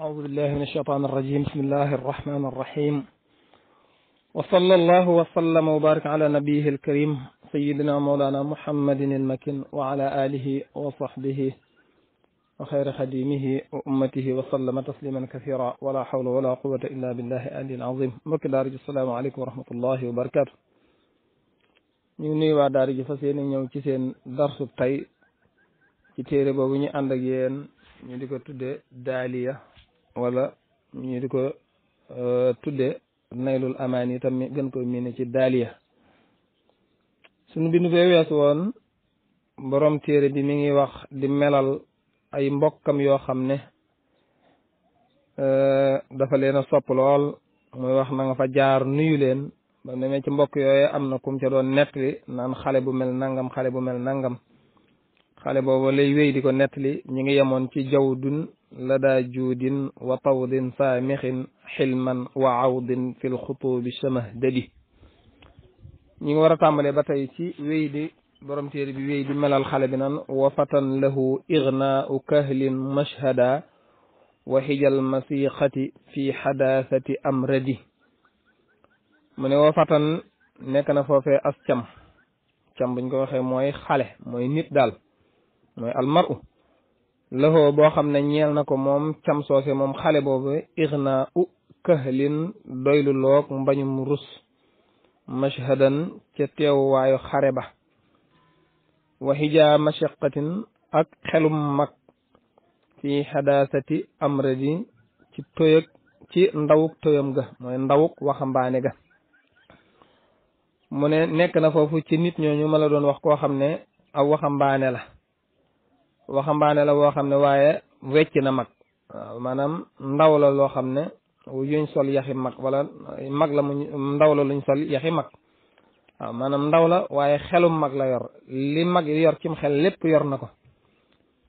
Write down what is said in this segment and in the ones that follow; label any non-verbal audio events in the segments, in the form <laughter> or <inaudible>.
أعوذ بالله من الشيطان الرجيم بسم الله الرحمن الرحيم وصلى الله وسلم وبارك على نبيه الكريم سيدنا مولانا محمد المكين وعلى آله وصحبه وخير خديمه وأمته وسلم تسليما كثيرا ولا حول ولا قوة إلا بالله العلي العظيم mbokk daara ji السلام عليكم ورحمة الله وبركاته ñu nuyu waa daara ji fas yéene ñëw ci seen darsu tey ci téere boobu ñu ànd ak yéen ñu di ko tudde daaliya wala ñu di ko euh, tudde naylul amaan yi tam gën ko miine ci daaliya suñu bindu fee wees woon borom téere bi mi ngi wax di melal ay mbokkam yoo xam ne euh, dafa leen a sopp lool muy wax na nga fa jaar nuyu leen ba demee ci mbokk yooyu am na kum ca doon nettali naan xale bu mel nangam xale bu mel nangam xale boobu lay wéy di ko nettali ñu ngi yemoon ci jaww dun لدى جود وطود سامخ حلما وعوض في الخطوب شمهدلي ñi ngi war a tàmbalee ba tey ci wéy di borom téere bi wéy di melal xale bi nan wa fatan lahu ignaau kahlin mashhada wa xijal masiqati fi xadaasati amradi mu ne wa fatan nekk na foofee cam cam buñ ko waxee mooy xale mooy nit daal mooy almaru laxoo boo xam ne ñeel na ko moom cam soose moom xale boobu ixna u këhlin doylu loog mbañum rus mashhadan ca waayu xare ba wa xija mashaqatin ak xelum mag fi xadaasati amradi ci toyëg ci ndawuk toyam ga mooy ndawuk waxambaane ga mu ne nekk na foofu ci nit ñooñu ma la doon wax koo xam ne aw waxambaane la waxambaane la woo xam ne waaye wecc na mag waaw maanaam ndaw la loo xam ne yuñ sol yaxi mag wala mag la mu ndaw la luñ sol yaxi mag waaw maanaam ndaw la waaye xelum mag la yor li mag yor cim xel lépp yor na ko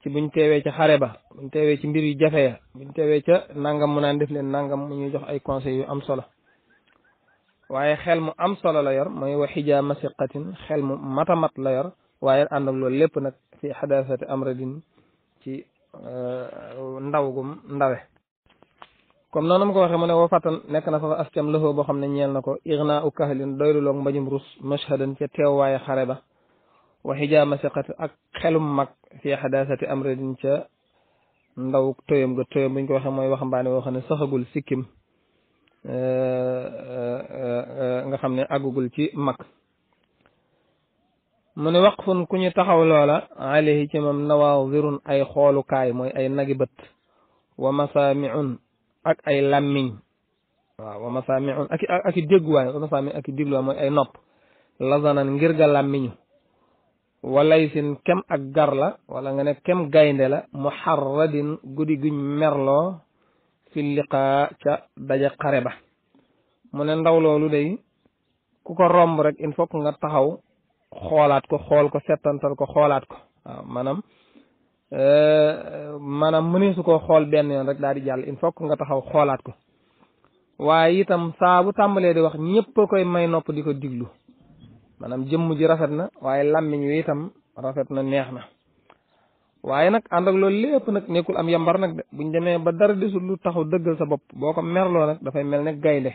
ci buñ teewee ca xare ba buñ teewee ci mbir yu jafe ya buñ teewee ca nangam mu naan def leen nangam mu ñuy jox ay conseils yu am solo waaye xel mu am solo la yor mooy wa xijaa masiqatin xel mu mat la yor waaye ànd ak loolu lépp nag fi xadaasati amradin ci euh, ndaw gum ndawe comme noonu ma ko waxe mu ne woo fàttan nekk na fa askam lafo boo xam ne ñeel na ko irna u kahlin doylu loog mbañum rus mashhadan ca teewwaaye xare ba wa xijaama siqat ak xelum mag fi xadaasati amradin ca ndaw toyam ga toyam buñ ko waxee mooy waxambaane woo xam ne saxagul sikkim euh, euh, nga xam ne àggugul ci mag mu ne waqfun ku ñu taxaw loola alayhi ci moom nawaadirun ay xoolukaay mooy ay nagi bët wa masaamiun ak ay làmmiñ wa masaamiun ak ak i dégguwaay wa mooy ay nopp lazanan ngir ga làmmiñu walaysin kem ak gar la wala nga ne kem gaynde la muharradin guddi guñ merloo fi liqaa ca daja xare ba mu ne ndaw loolu day ku ko romb rek il faut nga taxaw xoolaat ko xool ko settantal ko xoolaat ko waaw maanaam eh, maanaam mënee su koo xool benn yoon rek daal di jàll il faut nga taxaw xoolaat ko waaye itam saa tàmbalee di wax ñëpp a koy may nopp di ko diglu maanaam jëmm ji rafet na waaye làmmiñ wi itam rafet na neex na waaye nag ànd ak loolu lépp nag nekkul am yambar nag de buñ demee ba dara desul lu taxaw dëggal sa bopp boo ko merloo nag dafay mel ne gaynde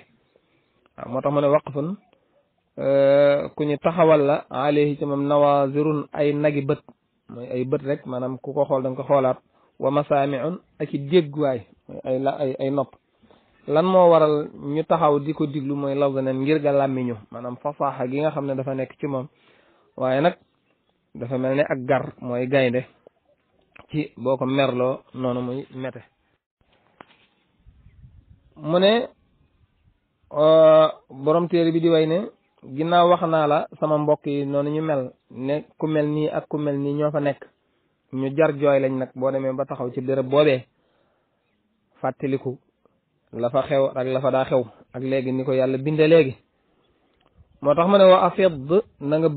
waaw moo tax mu ne waqfun Euh, ku ñu taxawal la alayhi ci moom nawazirun ay nagi bët mooy ay bët rek maanaam ku ko xool da ko xoolaat wa masaamiun ak i déggwaay ay la ay nopp lan moo waral ñu taxaw di ko diglu mooy law neen ngir ga làmmiñu maanaam fasaaxa gi nga xam ne dafa nekk ci moom waaye nag dafa mel ne ak gar mooy gaynde ci boo ko merloo noonu muy mete mu ne euh, borom téere bi di way ne ginnaaw wax naa la sama mbokk yi noonu ñu mel ne ku mel nii ak ku mel nii ñoo fa nekk ñu jar jooy lañ nag boo demee ba taxaw ci béréb boobee fàttaliku la fa xew ak la fa daa xew ak léegi ni ko yàlla binde léegi moo tax ma ne wa afid na nga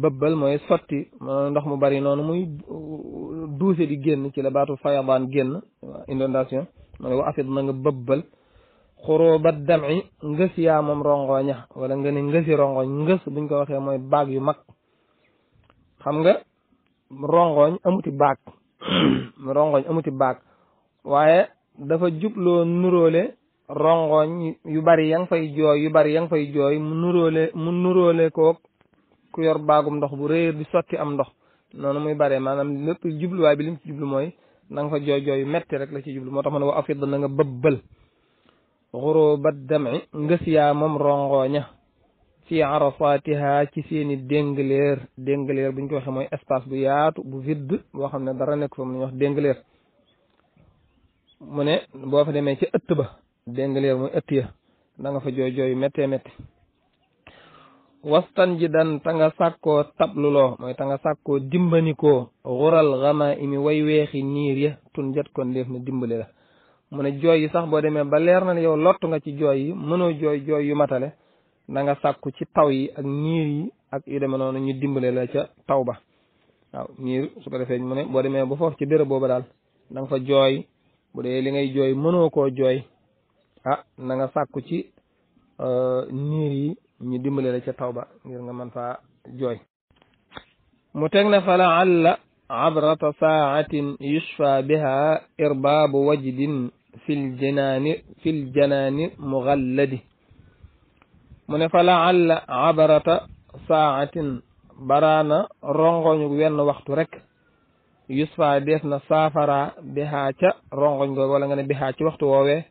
bëbbal mooy sotti ndox mu bari noonu muy duuse di génn ci la baatu fayadaan génn inondation ma na nga bëbbal xuroobat dam'i ngës yaa moom rongoña wala nga ne ngësi rongoñ ngës buñ ko waxee mooy baag yu mag xam nga rongoñ amuti baag <clears throat> rongoñ amuti baag waaye dafa jubloo nuroole rongoñ yu bari ya nga fay jooy yu bari ya nga fay jooy mu nuróole mu nuróole koog ku yor baagum ndox bu réer di sotti am ndox noonu muy bare maanaam lépp jubluwaay bi lim ci jublu mooy na nga fa jooy jooy yu metti rek la ci jublu moo tax ma ne wa afid na nga bëbbal xurubat ba ngës yaa moom rongoña fi arasaatiha ci seeni déngaleer déngaleer buñ ko waxee mooy espace bu yaatu bu vide boo xam ne dara nekk fa mu ñu wax déngaleer mu ne boo fa demee ci ëtt ba déngaleer muy ëtt ya fa jooy jooy méttee métti wastan ji dan ta nga sàkkoo tabluloo mooy ta nga dimbani ko xural xama imi way weexi niir ya tun jat ko ndéef na dimbali mu ne jooy yi sax boo demee ba leer na ne yow lottu nga ci jooy yi mënoo jooy jooy yu matale na nga sàkku ci taw yi ak niir yi ak yu demee noonu ñu dimbale la ca taw ba waaw niir ko defee mu ne boo demee ba foofu ci béréb booba daal na nga fa jooy bu dee li ngay jooy mënoo koo jooy ah na nga sàkku ci niir euh, yi ñu dimbale la ca taw ba ngir nga mën faa jooy mu teg na fa laalla abrata saatin yushfa biha irbaabu wajdin fil janaani fil janaani mughalladi mu ne fa laalla abarata saatin baraana rongoñu wenn waxtu rek yusfa dees na saafara bihaa ca rongoñ go wala nga ne bihaa ci waxtu woowee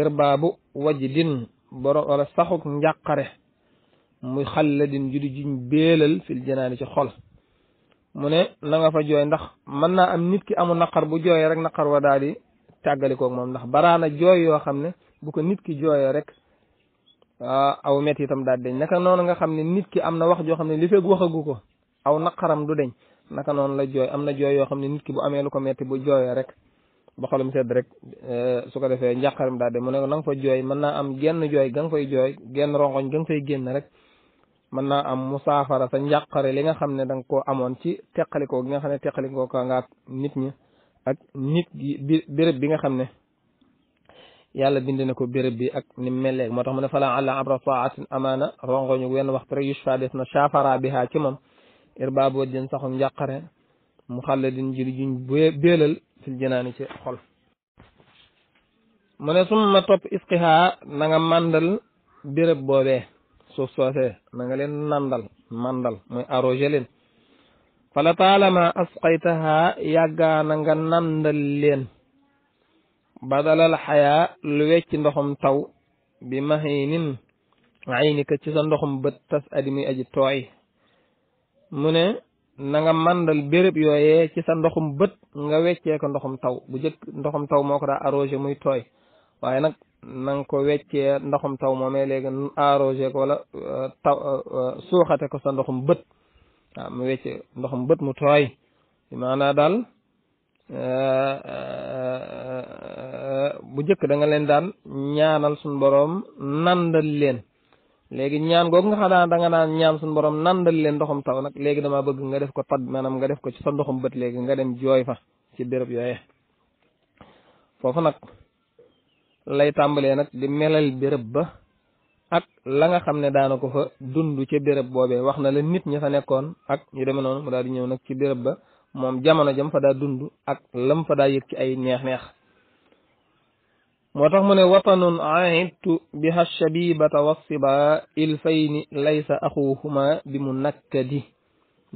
irbaabu wajdin borom wala saxuk njàqare muy xalladin judi juñ béelal fil janaani ci xol mu ne na fa jooy ndax mën na am nit ki amu naqar bu jooyee rek naqar wa daal tàggalikoog moom ndax baraana jooy yoo xam ne bu ko nit ki jooyee rek ah, aw metti itam daal deñ naka noon noonu nga xam ne nit ki am na wax joo xam ne li fekk waxagu ko aw naqaram du deñ naka noonu la jooy am na jooy yoo xam ne nit ki bu amee lu ko metti bu jooyee rek ba xolam sedd rek eh, su ko defee njàqaram daal de mu ne ko na fa jooy mën naa am genn jooy ga nga fay jooy genn rongoñ ga nga fay génn rek mën na am musaafara sa njàqare li nga xam ne da nga koo amoon ci teqalikoo gi nga xam ne teqalikoo ka nit ñi ak nit bi béréb bi nga xam ne yàlla bind na ko béréb bi ak ni melleeg moo tax mu ne fala àlla abra taatin amaana rongoñu wenn waxtu rek yushfa des na saafara biha ci moom irbaab wajjin saxum njàqare mu xàlle din jili juñ béelal fil janaani ci xol mu ne summa topp isqiha na nga màndal béréb boobee suuf soosee leen nandal mandal muy arrosé leen fala taalama asqaytaha yàggaana nga nandal leen badalal xayaa lu wecci ndoxum taw bi mahinin aynika ci sa ndoxum bët tas adi muy aji tooy mu ne nanga mandal béréb yooyee ci sa ndoxum bët nga weccee ko ndoxum taw bu jëkk ndoxum taw moo ko daa arrosé muy tooy waaye nag nang ko weccee ndoxum taw moomee léegi arrosé ko wala euh, taw euh, euh, suuxate ko sa ndoxum bët waaw mu wecc ndoxum bët mu tooy maanaa daal euh, euh, euh, bu jëkk danga leen daan ñaanal suñu borom nandal leen léegi ñaan googu nga xam danga daan ñaan suñu borom nandal leen ndoxum taw nag léegi dama bëgg nga def ko tad maanaam nga def ko ci sa ndoxum bët léegi nga dem jooy fa ci béréb yooye foofu nag lay tàmbalee nag di melal béréb ba ak la nga xam ne daana ko fa dund ca béréb boobe wax na la nit ñi fa nekkoon ak ñu demee noonu mu daal di ñëw nag ci béréb ba moom jamono jam fa daa dund ak lam fa daa yëg ci ay neex-neex moo tax mu ne watanun ahidtu biha shabibata wassiba ilfayni laysa axuhuma bi mu nakkadi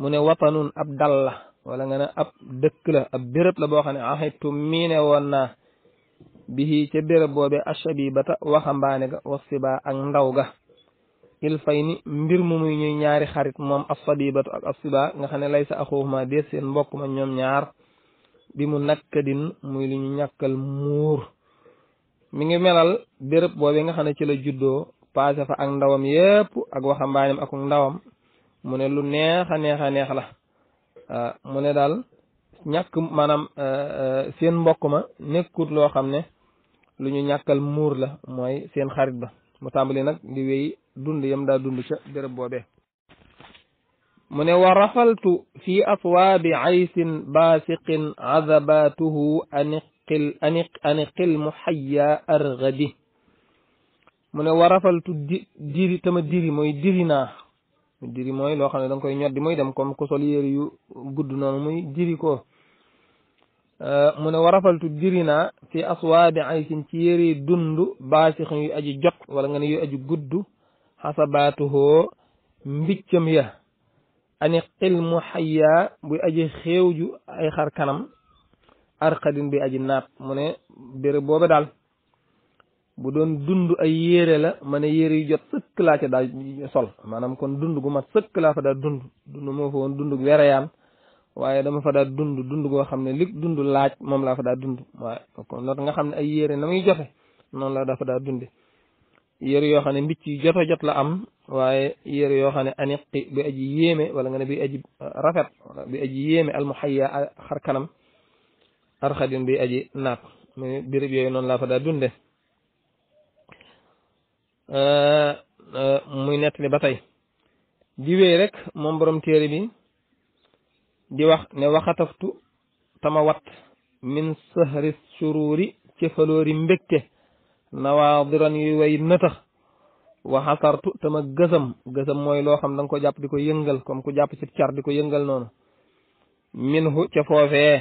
mu ne watanun ab dal la wala nga ne ab dëkk la ab béréb la boo xam ne ahidtu miine woon naa bihi ci béréb boobe ashabibata waxambaane ga wax ak ndaw ga il fay ni mbir mu muy ñuy ñaari xarit moom asabibatu ak asiba nga xam ne lay sa axuuxuma dee seen mbokk ma ñoom ñaar bi mu nakkadin muy lu ñu ñàkkal muur mu ngi melal béréb boobe nga xam ne ci la juddoo paase fa ak ndawam yépp ak waxambaanem ak ndawam mu ne lu neex a neex a neex la ah, mu ne daal ñàkk maanaam eh, eh, seen mbokk ma nekkut loo xam ne lu ñu ñàkkal muur la mooy seen xarit ba mu tàmbali nag di wéy dund yam daa dund ca béréb boobee mu ne wa fi aswaabi aysin baasiqin azabatuhu aniqil aniq aniqil muhayya mu ne wa di diri tama diri mooy diri naa diri mooy loo xam ne da koy ñoddi muy dem comme ku sol yére yu gudd noonu muy diri ko Euh, mu ne warafaltu diri naa fi aswaabi aysin ci yëri dund baasixin yu aji jot wala nga ne yu aji gudd xasabaatuhoo mbiccam ya ani xil mu xayyaa aji xéewju ay xar kanam arxadin bi aji naat mu ne béréb booba daal bu doon dundu ay yére la ma ne yére yu jot sëkk laa ca daal sol maanaam kon dund gu mat sëkk laa fa daal dund dund moo fa woon dund wereyaan waaye dama fa daal dund dund goo xam ne li dund laaj moom laa fa daal dund waaye kon xam ne ay yére na muy jote noonu la dafa daal dunde yére yoo xam ne mbicc yu jot a la am waaye yére yoo xam ne aniqi bi aji yéeme wala nga ne bi aji uh, rafet bi aji yéeme almuhayya uh, xar kanam arxadin bi aji naat yooyu noonu laa fa daal dunde uh, muy nettali ba tey di wéy rek moom borom téere bi di wax ne waxataftu tama wat min sahri sururi cëfaloori mbégte nawaadiran yuy way nëtax waxasartu tama gësëm gësam mooy loo xam da nga ko jàpp di ko yëngal comme ku jàpp ci car di ko yëngal noonu minhu ca foofee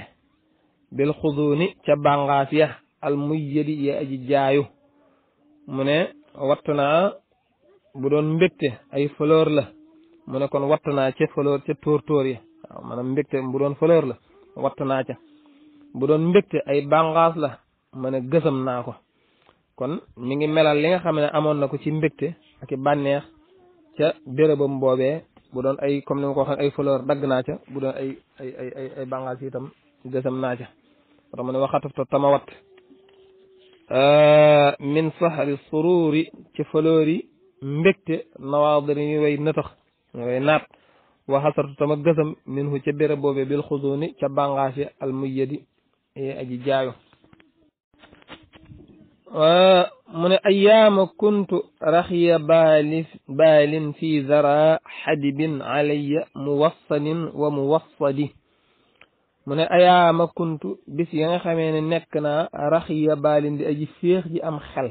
bil xuduuni ca bàngaas ya al muyyadi ya aji jaayu mu ne watt na bu doon mbégte ay fleur la mu ne kon watt naa ca fleur ca tóor tóor ya waaw maanaam mbégte bu doon fleur la watt naa ca bu doon mbégte ay bànqaas la ma ne gësam naa ko kon mi ngi melal li nga xam ne amoon na ko ci mbégte ak i bànneex ca bérébam boobee bu doon ay kom ni ma ko waxee ay fleur dagg naa ca bu doon ay ay ay ay bànqaas itam gësam naa ca wata ma ne waxatufta tama watt euh, min sahari sururi ci fleur yi mbégte nawaadir yi way nëtax way naat wa xasartu tama gësam minhu ca bérëb boobe bil xuzuni ca bàngaas ya al muyyadi aji jaayu mu ne ayaama kuntu raxiya baalin baalin fi zara xadibin alayya muwassalin wa muwassadi mu ne ayaama kuntu bis ya nga xamee ne nekk naa raxiya baalin di aji féex ji am xel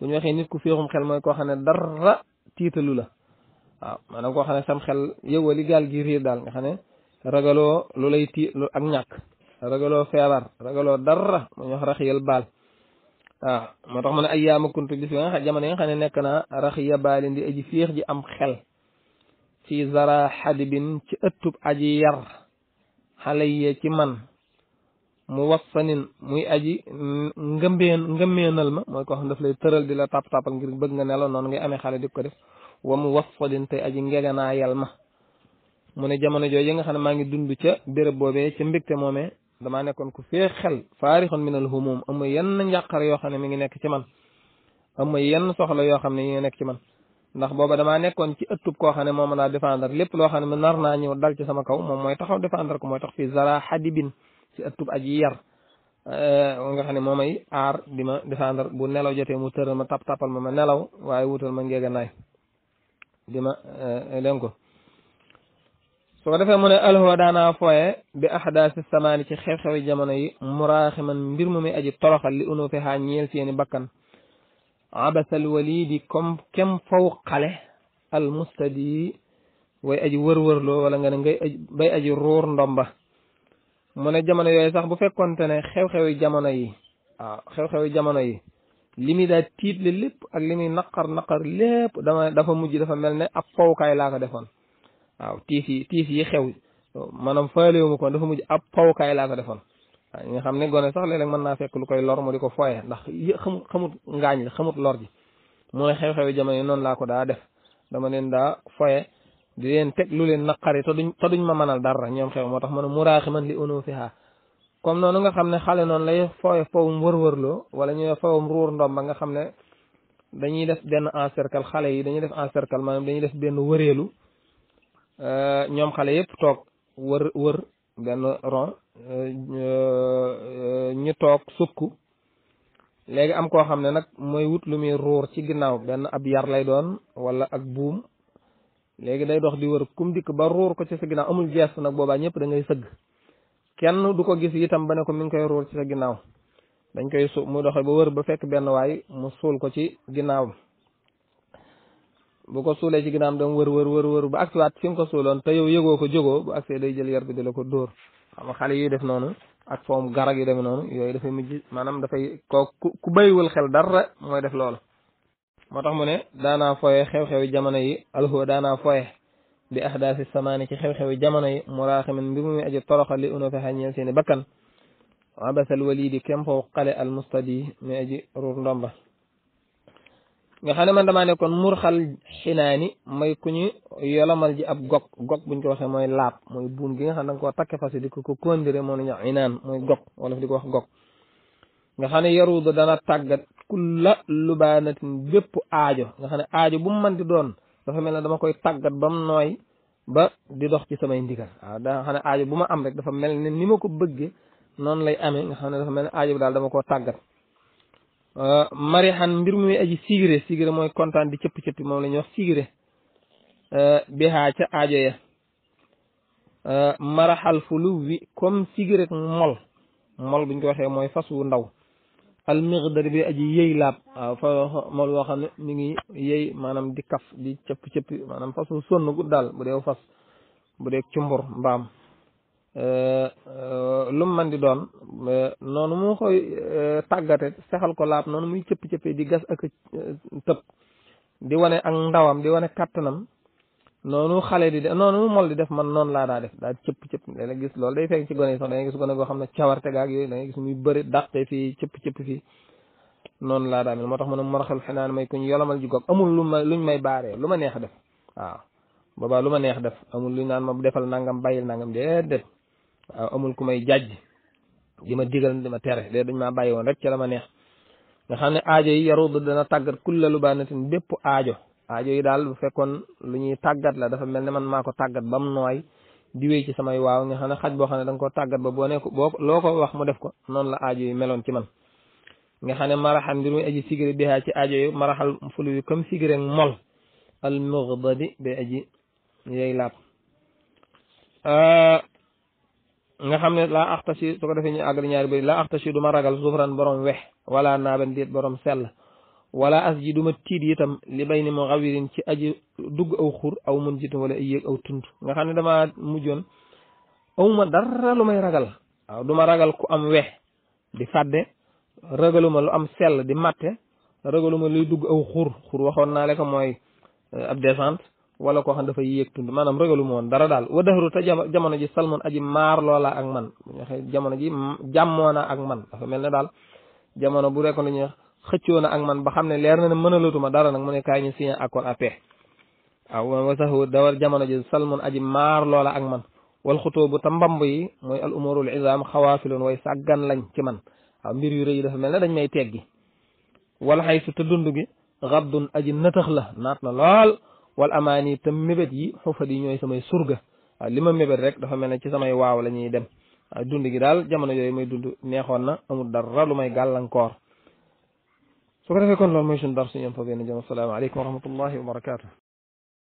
bu ñu waxee nit ku féexum xel mooy ko xam dara tiitalu la waaw maanaam koo xam ne sam xel yow li gaal gi riir daal nga xam ne ragaloo lu lay ti lu ak ñàkk ragaloo feebar ragaloo dara mu ñu wax raxiyal baal waaw moo tax mu ne ay yaama kuntu nga xam jamono yi nga xam ne nekk naa raxiya baalin aji féex ji am xel fi zara xadibin ci ëttub aji yar xalayya ci man mu wassanin muy aji ngëmbeen ngëmbeenal ma mooy koo xam daf lay tëral di la tàpp tàppal ngir bëgg nga nelaw noonu ngay amee xale di ko def wa mu wasfadin tey aji ngeganaayal ma mu ne jamono jooju nga xam ne maa ngi dund ca béréb boobee ca mbégte moomee damaa nekkoon ku fee xel faarixun minal humum am yenn njàqar yoo xam ne mi ngi nekk ci man am yenn soxla yoo xam ne yi ngi nekk ci man ndax booba damaa nekkoon ci ëttub koo xam ne moom laa défendre lépp loo xam ne nar naa ñëw dal ci sama kaw moom mooy taxaw défendre ko mooy tax fii zara xadibin ci ëttub aji yar nga xam ne moomay aar di ma défendre bu nelaw jotee mu tëral ma tap tapal ma ma nelaw waaye wutal ma ngeganaay di ma eh, leen defee mu ne alxoo fooye bi ahdaasi samaani ci xew-xewi jamono yi muraaxi mbir mu muy aji toroxal li unu fi xaa ñeel seeni bakkan abasal walidi comme kem faw xale al mustadi way aji wërwërloo wala nga ne ngay aji bay aji ruur ndomba mu ne jamono yooyu sax bu fekkonte ne xew-xewi jamono yi waaw xew-xewi jamono yi li muy daal tiit le lépp ak li muy naqar naqar lépp dama dafa mujj dafa mel ne ab fawkaay laa ko defoon waaw tiis yi tiis yi xew maanaam faalewu ma kon dafa mujj ab fawkaay laa ko defoon waaw nga xam ne gone sax léeg mën naa fekk koy lor mu di ko fooye ndax xamut xamut ngaañ la xamut lor ji mooy xew-xewi jamono noonu laa ko daa def dama leen daa foye di leen teg lu leen naqari te duñ te duñ ma mënal dara ñoom xew moo tax ma ne muraaxi man li uno fiha comme noonu nga xam ne xale noonu lay fooye fowum wërwërloo wala ñu fowum ruur ndomba nga xam ne dañuy def benn encercle xale yi dañuy def encercle maanaam dañuy def benn wëreelu euh, ñoom xale yëpp toog wër wër benn rond euh, euh, ñu toog sukk léegi am koo xam ne nag mooy wut lu muy ruur ci ginnaaw benn ab yar lay doon wala ak buum léegi day dox di wër kum dikk ba ruur ko ci sa ginnaaw amul gees nag boobaa ñëpp da ngay sëgg kenn du ko gis itam ba ne ko mi ngi koy ruur ci sa ginnaaw dañ koy su mu doxe ba wër ba fekk benn waay mu suul ko ci ginnaaw bu ko suulee ci ginnaawam dam wër wër wër wër ba agsiwaat fi nga ko suuloon te yow yëgoo ko jógoo bu agsee day jël yar bi di la ko dóor xam nga xale yi def noonu ak foom garag yi demee noonu yooyu dafay mujj maanaam dafa ko ku bayiwul xel dara mooy def loolu moo tax mu ne daanaa foye xew-xewi jamono yi alxoo daanaa foye li ahdaasi samaani ci xew-xewi jamono yi muraaximan mbir mu muy aji toroxal li una fexe ñeel seeni bakkan abasal walidi kempo xale al mustadi muy aji ruur ndomba nga xam ne man damaa nekkoon murxal xinaani may ku yolomal ji ab gog gog buñ ko waxee mooy laab mooy buum gi nga xam ne da nga koo takke di ko ko kóndire moo ñu inaan mooy gog wala di ko wax gog nga xam ne yaruudu dana tàggat kulla lubaanatin bépp aajo nga xam ne aajo bu mu mënti doon dafa mel ne dama koy tàggat bam nooy ba di dox ci samay ndigal waaw ah, da xam ne aajo bu ma am rek dafa mel ne ni ma ko bëggee noonu lay amee nga xam ne dafa mel ne aajo bi daal dama koo tàggat ah, marixan mbir muy aji sigiré sigiré mooy kontaan di cëpp cëppi moom la ñuy wax sigiré ah, bihaa ca aajo ya maraxal fu lu wi comme sigiré mol mol buñ ko waxee mooy fas wu ndaw almigdari bi aji yëy laab waaw fa mool woo xam ne mi ngi yëy maanaam di kaf di cëpp cëpp maanaam fasu sonn gu daal bu dee fas bu dee cumbur mbaam lum man di doon noonu mu koy tàggate sexal ko laab noonu muy cëpp cëpp di gas ak tëb di wane ak ndawam di wane kàttanam noonu xale di def noonu mol di def man noonu laa daa def daa cëpp cëpp léeg-léeg gis loolu day feeñ ci gone yi sax da gis gone goo xam ne cawarte gaag yooyu da ngay gis muy bëri dàqe fii cëpp cëpp noonu laa daa moo tax mën a maraxal xinaan may kuñ yolamal ji goog amul lu ma luñ may baaree lu ma neex def boobaa lu ma neex def amul luñ naan ma defal nangam bàyyil nangam déedéet amul ku may jàjj di ma digal di ma tere dañ maa bàyyi woon rek ci la ma neex xam ne aajo yi yarudu dana tàggat kulla lubaanatin bépp aajo aajo yi daal bu fekkoon lu ñuy tàggat la dafa mel ne man maa ko tàggat ba mu nooy di ci samay waaw nga xam ne xaj boo xam ne da koo tàggat ba boo loo ko wax mu def ko noonu la aajo meloon ci man. nga xam ne maraxal mbir muy aji sigiri ci aajo yi maraxal fulu yu comme sigiri ak mol al mughdadi bi aji yey laab. nga xam ne laa axtasi su ko defee ñu àggal ñaari bëri laa axtasi du ma ragal sufran borom wex wala naaben déet borom sell. wala as ji du ma tiit itam li bay ni moo xawirin ci aji dugg aw xuur aw mun jitam wala ay yéeg aw tund nga xam ne dama mujjoon awuma dara lu may ragal waaw du ma ragal ku am wex di fàdde ragaluma lu am sell di matte ragaluma luy dugg aw xuur xuur waxoon naa le ko mooy euh, ab descente wala koo xam dafa yéeg tund maanaam ragaluma woon dara daal wa dëxru te jamono ji salmon aji maar loola ak man bu jamono ji jàmmoona ak man dafa mel ne daal jamono bu rekkoon dañuy wax xëccoo na ak man ba xam ne leer na ne mënalatuma dara nag mu ne kaay ñu signé accord a paix waaw wasahu dawal jamono ji salmun aji maar loola ak man wal xutuubu ta mbamb yi mooy al umurul izaam xawaafiloon way sàggan lañ ci man waaw mbir yu rëy yi dafa mel ne dañ may teggi wal xaysu te dund gi xabdun aji nëtëx la naat na lool wal amaani te mébét yi xufat yi ñooy samay surga waaw li ma mébét rek dafa mel ne ci samay waaw la ñuy dem waaw dund gi daal jamono yooyu may dund neexoon na amul dara lu may gàllankoor su ko defee kon loolu mooy suñu dar suñu am foofu yéen a jëm asalaamaaleykum wa rahmatullahi wa barakaatu.